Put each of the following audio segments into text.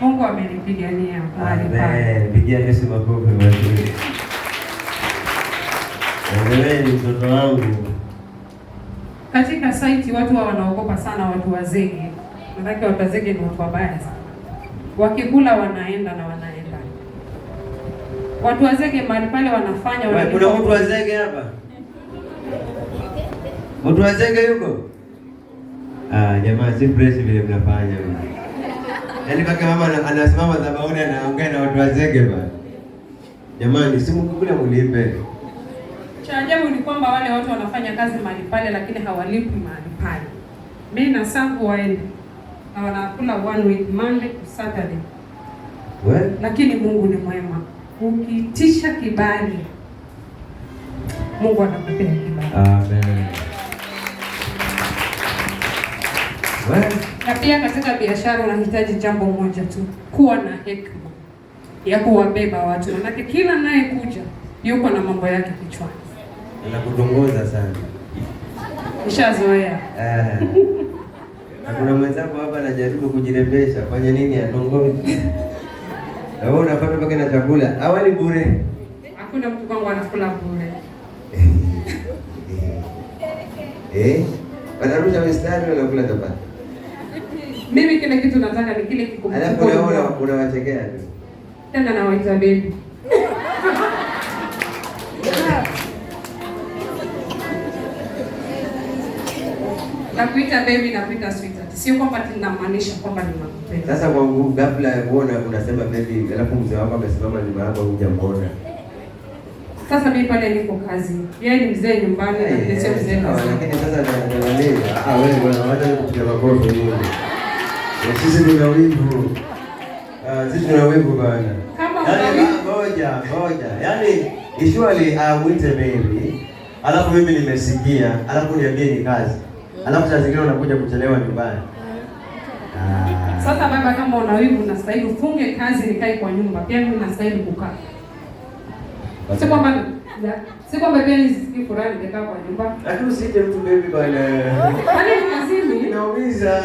Mungu amenipigania mahali pale. Pigia Yesu makofi mazuri. mtoto wangu. Katika saiti watu wa wanaogopa sana watu wazege. Maanake watu wazege ni watu wabaya sana. Wakikula wanaenda na wanaenda. Watu wazege mahali pale wanafanya wale. Kuna mtu wazege hapa? Mtu wazege yuko? Ah, jamaa si vile mnafanya. Yaani mpaka mama anasimama dhabauni anaongea na watu wazege bana. Jamani, simu kule mlipe. Cha ajabu ni kwamba wale watu wanafanya kazi mahali pale lakini hawalipwi mahali pale. Mimi na sangu waende. Na wanakula one week Monday to Saturday. We? Lakini Mungu ni mwema. Ukitisha kibali Mungu anakupenda. Amen. Na pia katika biashara unahitaji jambo moja tu, kuwa na hekima ya kuwabeba watu, manake kila anayekuja yuko na mambo yake kichwani. Nakudongoza sana, nishazoea. Eh. Kuna mwenzangu hapa anajaribu kujirembesha, fanya nini? Atongozi wewe unapata mpaka na chakula awali bure. Hakuna mtu kwangu anakula bure eh, eh. eh. wanarusha mistari, wanakula chapati mimi kile kitu nataka ni kile kikubwa. Alafu unaona unawachekea tu. Tena na waita baby. Nakuita baby na kuita sweetheart. Sio kwamba tunamaanisha kwamba ni mapenzi. Sasa kwa nguvu ghafla uona unasema baby, alafu mzee wako amesimama nyuma yako hujamuona. Sasa mimi pale niko kazi. Yeye ni mzee nyumbani na mzee mzee Lakini sasa ndio ndio. Ah, wewe bwana, wacha nikupiga makofi mimi. Sisi tuna wivu. Ah, sisi tuna wivu bana. Yaani ngoja, ngoja. Yaani usually amwite baby. Alafu mimi nimesikia, alafu niambie ni kazi. Alafu saa zingine unakuja kuchelewa nyumbani. Ah. Sasa baba, kama una wivu unastahili ufunge kazi nikae kwa nyumba. Pia mimi nastahili kukaa. Sasa kwamba Si kwamba pia nisikii furaha nimekaa kwa nyumba. Lakini usiite mtu baby bwana. Kwani tunasimi? Inaumiza.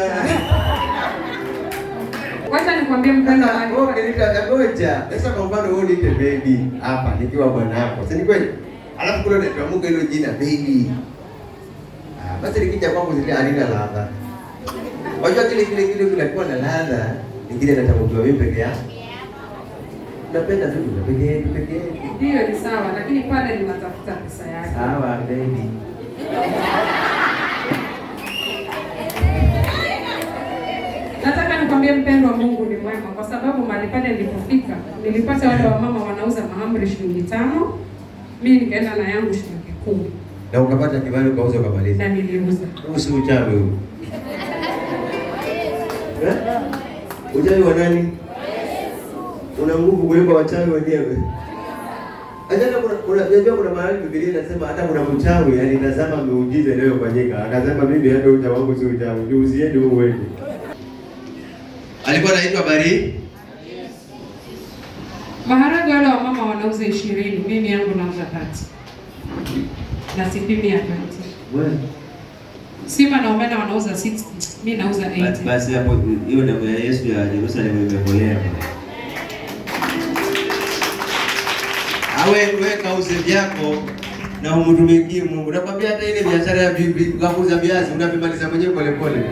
Wacha nikwambie mpenzi wangu. Wewe unilita ngoja. Sasa kwa mfano wewe uniite baby hapa nikiwa bwanako. Si ni kweli? Alafu kuna ndio Mungu hilo jina baby. Ah, basi nikija kwangu zile alina ladha. Wajua kile kile kile kile kwa na ladha, nikija natamukiwa mimi peke yangu. Napenda tu peke yetu peke yetu. Ndio ni sawa, lakini pale ni matafuta pesa yake. Sawa, baby. Nataka nikwambie mpendo wa Mungu ni mwema kwa sababu mahali pale nilipofika nilipata wale wamama wanauza mahamri shilingi tano. Mimi nikaenda na yangu shilingi kumi. Na ukapata kibali ukauza ukamaliza. Na niliuza. Usi uchawi huu. Eh? Uchawi wa nani? una nguvu kuliko wachawi wenyewe. Ajana kuna kuna unajua kuna mahali Biblia inasema hata kuna mchawi alitazama miujiza inayofanyika. Akasema mimi hata uja wangu si uja wangu, usiende wewe wewe. Alikuwa anaitwa Bari. Maharage wale wa mama wanauza 20, mimi yangu nauza 30. Na sipimi ya 30. Wewe. Sima na omena wanauza 60, mimi nauza 80. Basi hapo hiyo ndio ya Yesu ya Yerusalemu imekolea. awe weka uze vyako na umtumikie Mungu. Nakwambia hata ile biashara ya bibi ukakuza viazi unavimaliza mwenyewe pole pole.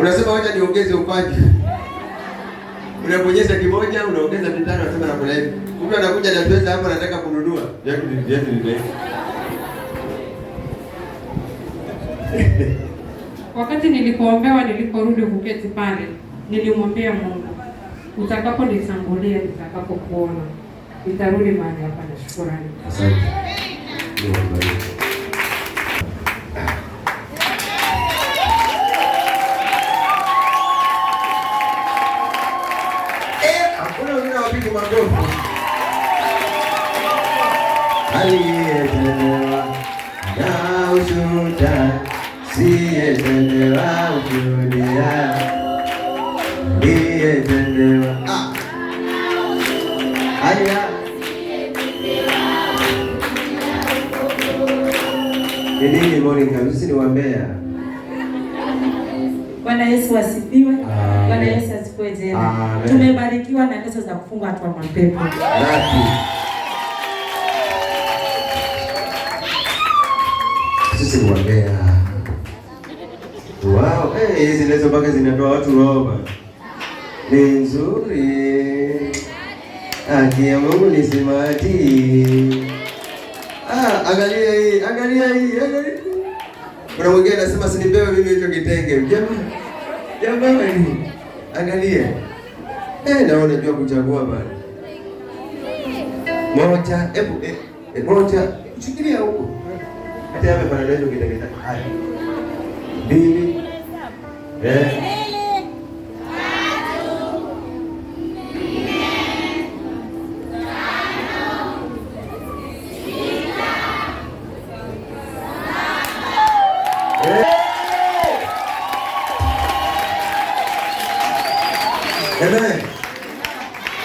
Unasema wacha niongeze ukwaju. Unabonyeza kimoja unaongeza vitano unasema na kula hivi. Mtu anakuja na pesa hapo anataka kununua. Viatu ni viatu ni viatu. Wakati nilipoombewa niliporudi kuketi pale, nilimwambia Mungu utakaponitangulia, nitakapokuona nitarudi mahali hapa na shukurani. Aliyetendea na ushuhuda, siyetendea ushuhuda Aliyependewa. Ah. Haya. Ni nini morning harusi ni wambea? Bwana Yesu asifiwe. Ah. Bwana Yesu asifiwe tena. Tumebarikiwa na pesa za kufunga watu wa mapepo. Sisi ni wambea. Wow, eh, hizi lezo mpaka zinatoa watu roho ni nzuri, haki ya Mungu ni simati. Ah, angalia hii, angalia hii, angalia. Kuna mwingine anasema sinipewe mimi hicho kitenge. Jamani. Jamani. Angalia. Eh, na unajua kuchagua bana. Moja, hebu eh, eh moja. Shikilia huko. Hata yame bana ndio kitenge. Haya. Bili. Eh.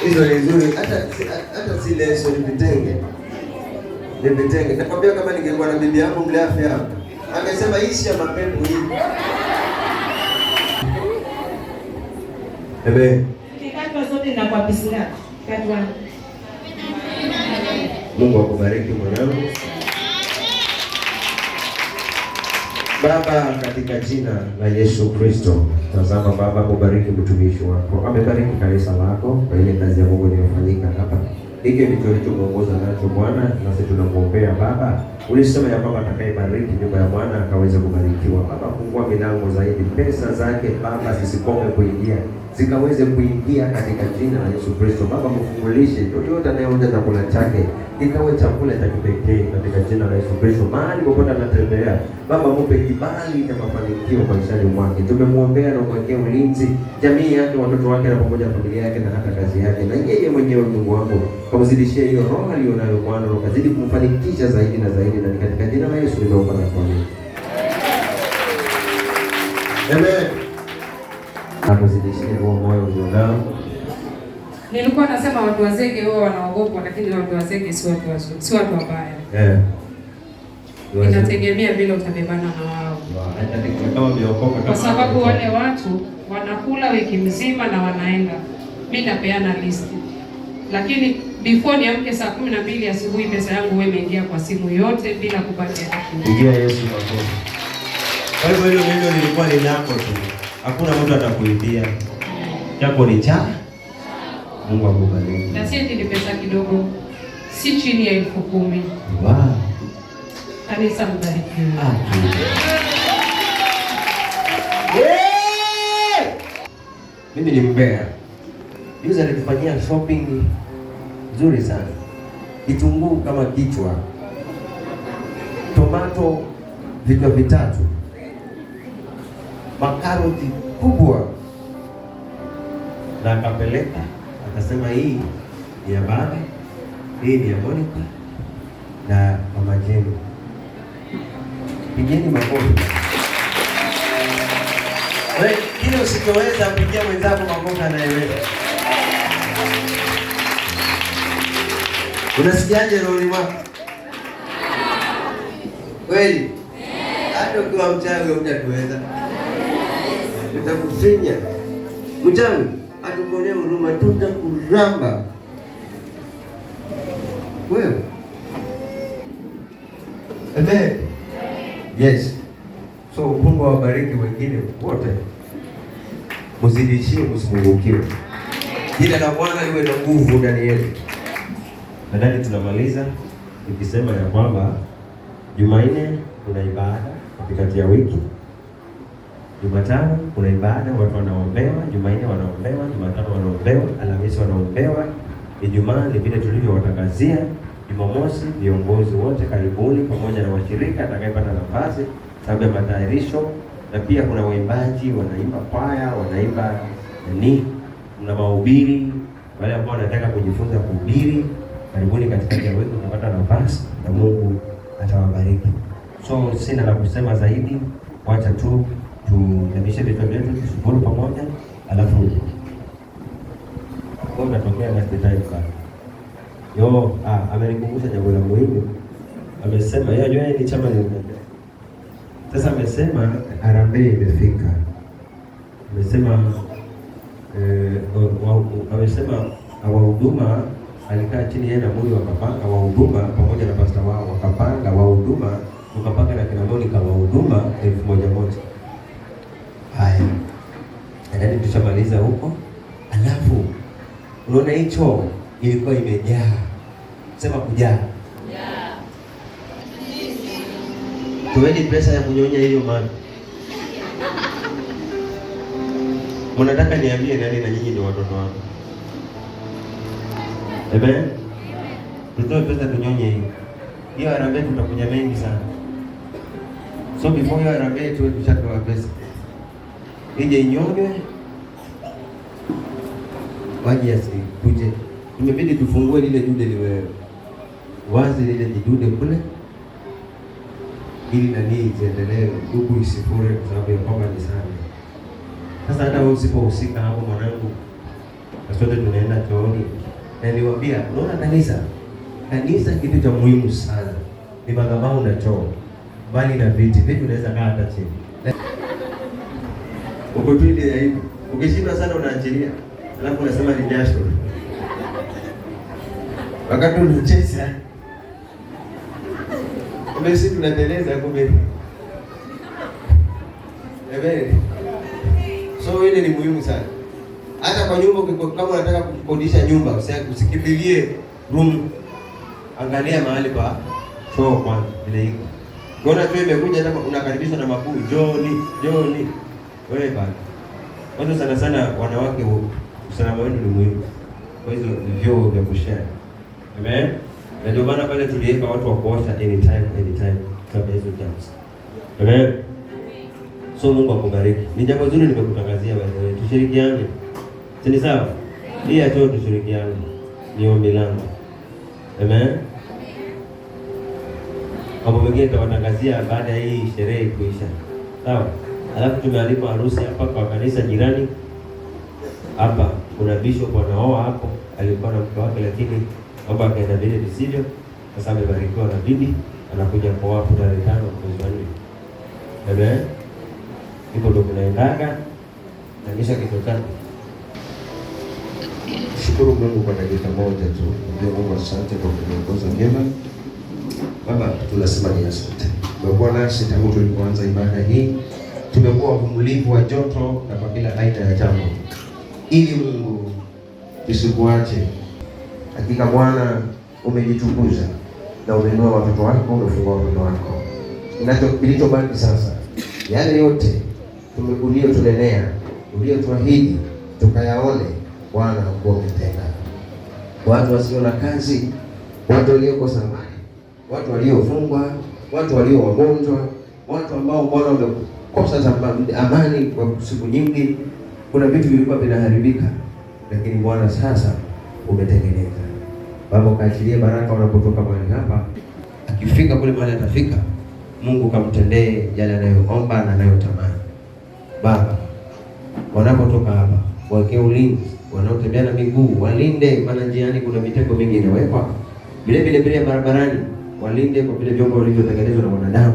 hizo ni nzuri, hata hata si leso, ni vitenge, ni vitenge. Nakwambia kama ningekuwa na bibi yangu mleafya hapa angesema ishi ya mapepo hii ebe kikatwa zote na kwa pisi lako Mungu akubariki mwanangu. Baba, katika jina la Yesu Kristo, tazama Baba, kubariki mtumishi wako, amebariki kanisa lako kwa ile kazi ya Mungu inayofanyika hapa, hiki ndicho ulichomuongoza nacho Bwana, nasi tunamwombea Baba. Ulisema ya kwamba atakayebariki nyumba ya Bwana akaweza kubarikiwa. Baba, fungua milango zaidi, pesa zake Baba zisikome kuingia zikaweze kuingia katika jina la Yesu Kristo. Baba, mfungulishe yoyote anayeonja chakula chake ikawe chakula cha kipekee katika jina la Yesu Kristo. Mahali popote anatembea, Baba, mupe kibali cha mafanikio maishani mwake. Tumemwombea na kuwekea ulinzi jamii yake, watoto wake, na pamoja na familia yake na hata kazi yake, na yeye mwenyewe Mungu wangu kamzidishie hiyo roho aliyonayo Bwana, ukazidi kumfanikisha zaidi na zaidi, na katika jina la Yesu nimeomba na kuamini. Amen. Nakuzidishia huo moyo ulionao. Nilikuwa nasema watu wa wazege wao wanaogopwa, lakini watu wa wazege si watu wazuri, si watu wabaya. Eh. Inategemea vile utabebana na wao. Kwa sababu wale watu wanakula wiki mzima na wanaenda. Mimi napeana listi. Lakini before niamke saa kumi na mbili asubuhi pesa yangu wewe imeingia kwa simu yote bila kubakia. Ingia Yesu makofi. Kwa hivyo hilo neno lilikuwa ni lako tu hakuna mtu atakuibia, chako ni cha Mungu. Akubariki. Na senti ni pesa kidogo, si chini ya elfu kumi. Wow. Kanisa mbarikiwe. Mimi ni mbea juzi, alikufanyia shopping nzuri sana, kitunguu kama kichwa, tomato vichwa vitatu makaroti kubwa, na akapeleka akasema, hii ni ya baba, hii ni ya Monica na mama Jenu. Pigeni makofi. Kile usichoweza pigia mwenzako makofi, anayeweza. Unasikiaje rohoni mwako? Kweli hata ukiwa mchawi utatuweza tutakusenya mchangu, atukonee huruma, tutakuramba wewe. Amen. Yes. So Mungu awabariki wengine wote, muzidishie, msipungukiwe. Jina la Bwana liwe na nguvu ndani yetu. Nadhani tunamaliza ukisema ya kwamba Jumanne kuna ibada katikati ya wiki Jumatano kuna ibada, watu wanaombewa. Jumanne wanaombewa, Jumatano wanaombewa, Alhamisi wanaombewa, Ijumaa ni vile tulivyowatangazia. Jumamosi viongozi wote karibuni, pamoja na washirika atakayepata nafasi sababu ya matayarisho, na pia kuna waimbaji wanaimba kwaya, wanaimba nani, kuna mahubiri. Wale ambao wanataka kujifunza kuhubiri, karibuni katikati ya wiki utapata nafasi na Mungu atawabariki. So sina la kusema zaidi, wacha tu tuunganishe vichwa vyetu, tushukuru pamoja, alafu unatokea sana. Yo, ah, amenikumbusha jambo la muhimu. Amesema yeye ajua ni chama ni sasa, amesema harambee imefika. Amesema eh, amesema wahuduma alikaa chini yeye na Mungu wakapanga wahuduma pamoja na pasta wao wakapanga wahuduma, ukapanga na kinamoni Monica elfu moja moja nadhani tushamaliza huko. Alafu unaona hii choo ilikuwa imejaa, sema kujaa, tuweni pesa ya kunyonya hiyo maji. Mnataka niambie nani na nyinyi ni watoto wangu? Amen. Tutoe pesa tunyonye hiyo. Hiyo harambee tutakuja mengi sana. So before hiyo harambee tuwe tushatoa pesa ije inyonge, maji yasikuje. Imebidi tufungue lile dude liwe wazi, lile jidude kule, ili nanii ziendelee huku isifure, kwa sababu ya kwamba ni sana. Sasa hata usipohusika hapo, mwanangu, sote tunaenda chooni, na unaona kanisa, kanisa kitu cha muhimu sana ni madhabahu na choo, bali na viti. Viti unaweza kaa hata chini uko tu ile aibu. Ukishindwa sana unaachilia, alafu unasema ni jasho, wakati unacheza umesi, tunateleza kumbe. So ile ni muhimu sana. Hata kwa nyumba, kama unataka kukodisha nyumba, usikimbilie room, angalia mahali pa choo kwanza, ile iko. Unaona tu imekuja, hata unakaribishwa na mabuu, Joni, Joni. Wewe bana. Kwanza sana sana wanawake usalama wenu ni muhimu. Kwa hizo vyoo vya kushare. Amen. Na ndio maana pale tuliweka watu wa kuosha anytime anytime kabla hizo jams. Amen. So Mungu akubariki. Ni jambo zuri nimekutangazia bwana. Tushirikiane. Sini sawa? Ni ya tu tushirikiane. Ni ombi langu. Amen. Mambo mwingine tutawatangazia baada ya hii sherehe kuisha. Sawa? Alafu tumealikwa harusi hapa kwa kanisa jirani hapa, kuna bishop anaoa hapo, alikuwa na mke wake, lakini baba akaenda vile visivyo. Sasa amebarikiwa na bibi, anakuja kuoa hapo tarehe tano mwezi wa nne. Amen, iko ndo kunaendaga na kisha kitu chako Shukuru Mungu kwa dakika moja tu. Ndio Mungu asante kwa kuongoza vyema. Baba, tunasema ni asante. Umekuwa nasi tangu tulipoanza ibada hii tumekuwa wavumilivu wa joto na kwa kila aina ya jambo, ili Mungu tusikuache. Hakika Bwana umejitukuza na umeinua watoto wako, umefungua watoto wako. Kilichobaki sasa, yale yote uliotunenea, uliotuahidi tukayaone, Bwana kuwa umetenda. Watu wasio na kazi, watu waliokosa amani, watu waliofungwa, watu walio wagonjwa, watu ambao Bwana kukosa amani kwa siku nyingi, kuna vitu vilikuwa vinaharibika, lakini Bwana sasa umetengeneza. Baba, kaachilie baraka wanapotoka mahali hapa, akifika kule mahali atafika, Mungu kamtendee yale anayoomba na anayotamani. Baba, wanapotoka hapa wake ulinzi, wanaotembea na miguu walinde, maana njiani kuna mitego mingi inawekwa, vile vile vile barabarani walinde kwa vile vyombo vilivyotengenezwa na wanadamu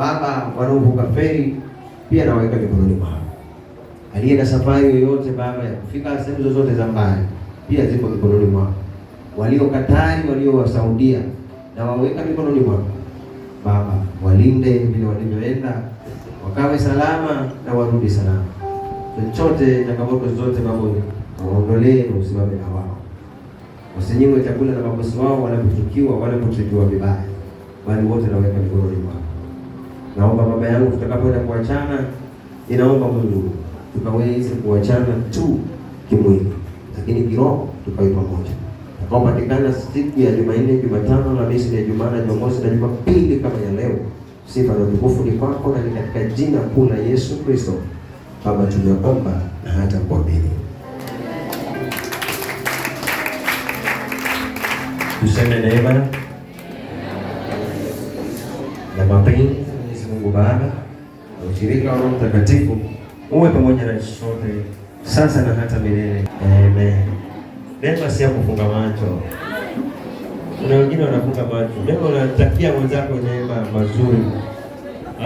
Baba, wanaovuka feri pia nawaweka mikononi mwako. na safari yoyote Baba ya kufika sehemu zozote za mbali, pia ziko mikononi mwako. walio Wasaudia na waweka mikononi mwako Baba, walinde vile walivyoenda, wakawe salama na warudi salama. Chochote, changamoto zote Baba waondolee na usimame na wao, wasinyimwe chakula na mabosi wao wanapochukiwa, wanapochukiwa vibaya, bali wote naweka mikononi mwako. Naomba baba yangu, tutakapoenda kuachana, ninaomba Mungu tukaweze kuachana tu kimwili, lakini kiroho tukawe pamoja takaopatikana siku ya Jumanne, Jumatano, Alhamisi na Ijumaa na Jumamosi na Jumapili kama ya leo. Sifa na utukufu ni kwako, na ni katika jina kuu la Yesu Kristo Baba tumeomba na hata kuamini. Tuseme neema na mapenzi Mungu Baba na ushirika wa Roho Mtakatifu uwe pamoja na sote sasa na hata milele. Amen. Neema si ya kufunga macho. Kuna wengine wanafunga macho. Neema unatakia mwenzako neema mazuri.